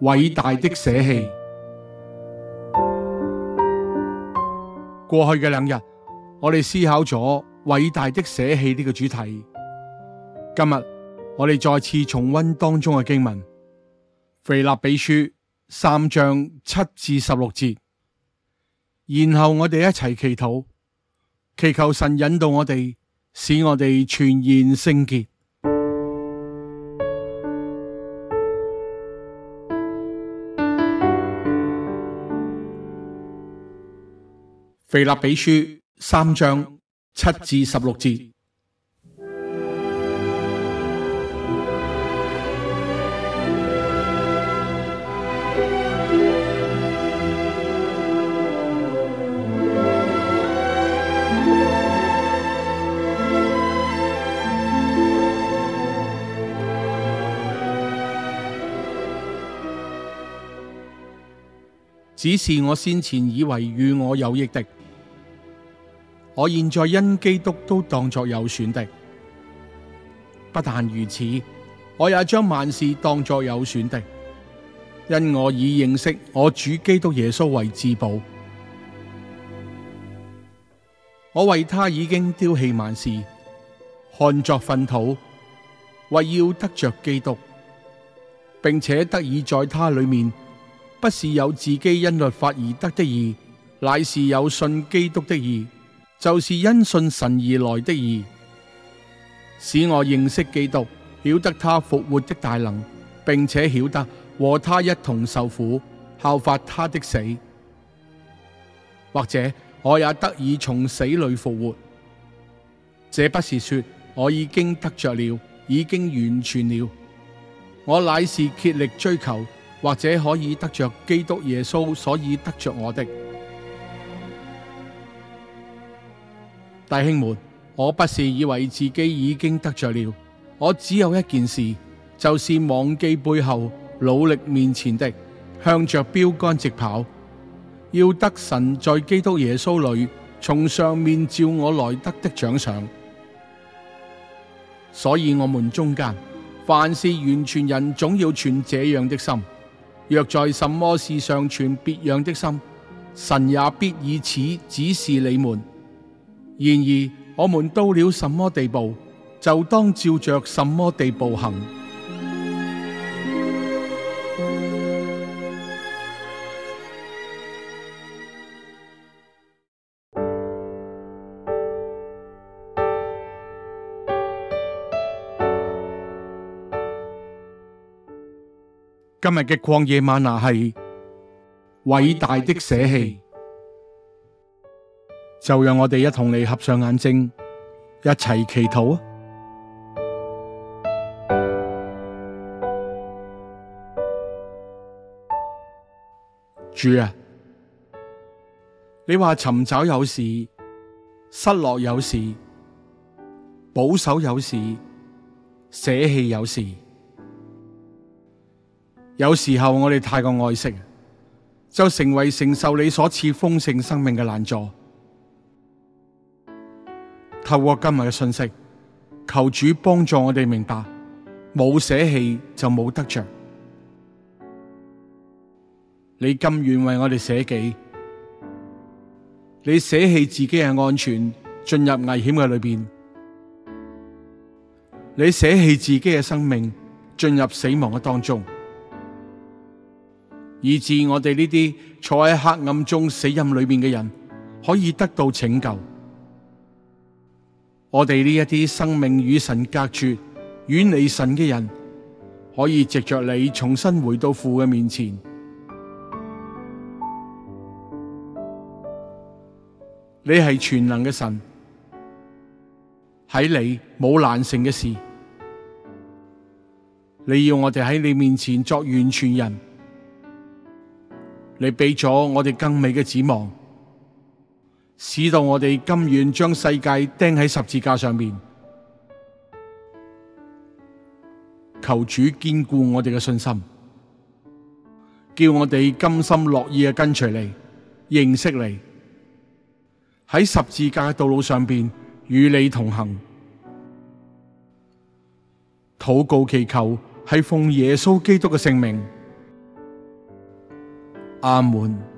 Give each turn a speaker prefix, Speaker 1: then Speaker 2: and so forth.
Speaker 1: 偉大的捨棄。過去嘅兩日，我哋思考咗偉大的捨棄呢個主題。今日我哋再次重溫當中嘅經文《腓立比書》三章七至十六節，然後我哋一齊祈禱，祈求神引導我哋，使我哋全然聖潔。腓立比書三章七至十六節，。 只是我先前以為與我有益的。我現在因基督都當作有損的，不但如此，我也將萬事當作有損的，因我已認識我主基督耶穌為至寶。我為他已經丟棄萬事，看作糞土，為要得着基督，並且得以在他裏面，不是有自己因律法而得的義，乃是有信基督的義。就是因信神而來的義，使我認識基督，曉得他復活的大能，並且曉得和他一同受苦，效法他的死。或者我也得以從死裏復活。這不是說我已經得着了，已經完全了。我乃是竭力追求，或者可以得着基督耶穌，所以得着我的。弟兄們，我不是以為自己已經得着了，我只有一件事，就是忘記背後，努力面前的，向着標杆直跑。要得神在基督耶穌裏從上面召我來得的獎賞。所以，我們中間，凡是完全人，總要存這樣的心；若在什麼事上存別樣的心，神也必以此指示你們。然而，我們到了什麼地步，就當照着什麼地步行。今日嘅曠野嗎哪係偉大的捨棄。就讓我哋一同你合上眼睛，一齊祈禱啊！主啊，你話尋找有時，失落有時，保守有時，捨棄有時。有時候我哋太過愛惜，就成為承受你所賜豐盛生命嘅攔阻。透過今日嘅信息，求主幫助我哋明白，冇捨棄就冇得着。你甘願為我哋捨己，你捨棄自己嘅安全進入危險嘅裏邊，你捨棄自己嘅生命進入死亡嘅當中，以至我哋呢啲坐喺黑暗中死蔭裏邊嘅人可以得到拯救。我哋呢一啲生命與神隔絕、遠離神嘅人，可以藉着你重新回到父嘅面前。你係全能嘅神，喺你冇難成嘅事。你要我哋喺你面前作完全人，你俾咗我哋更美嘅指望。使到我哋甘願將世界釘喺十字架上面，求主堅固我哋嘅信心，叫我哋甘心樂意嘅跟隨你，認識你，喺十字架嘅道路上邊與你同行。禱告祈求係奉耶穌基督嘅聖名，阿門。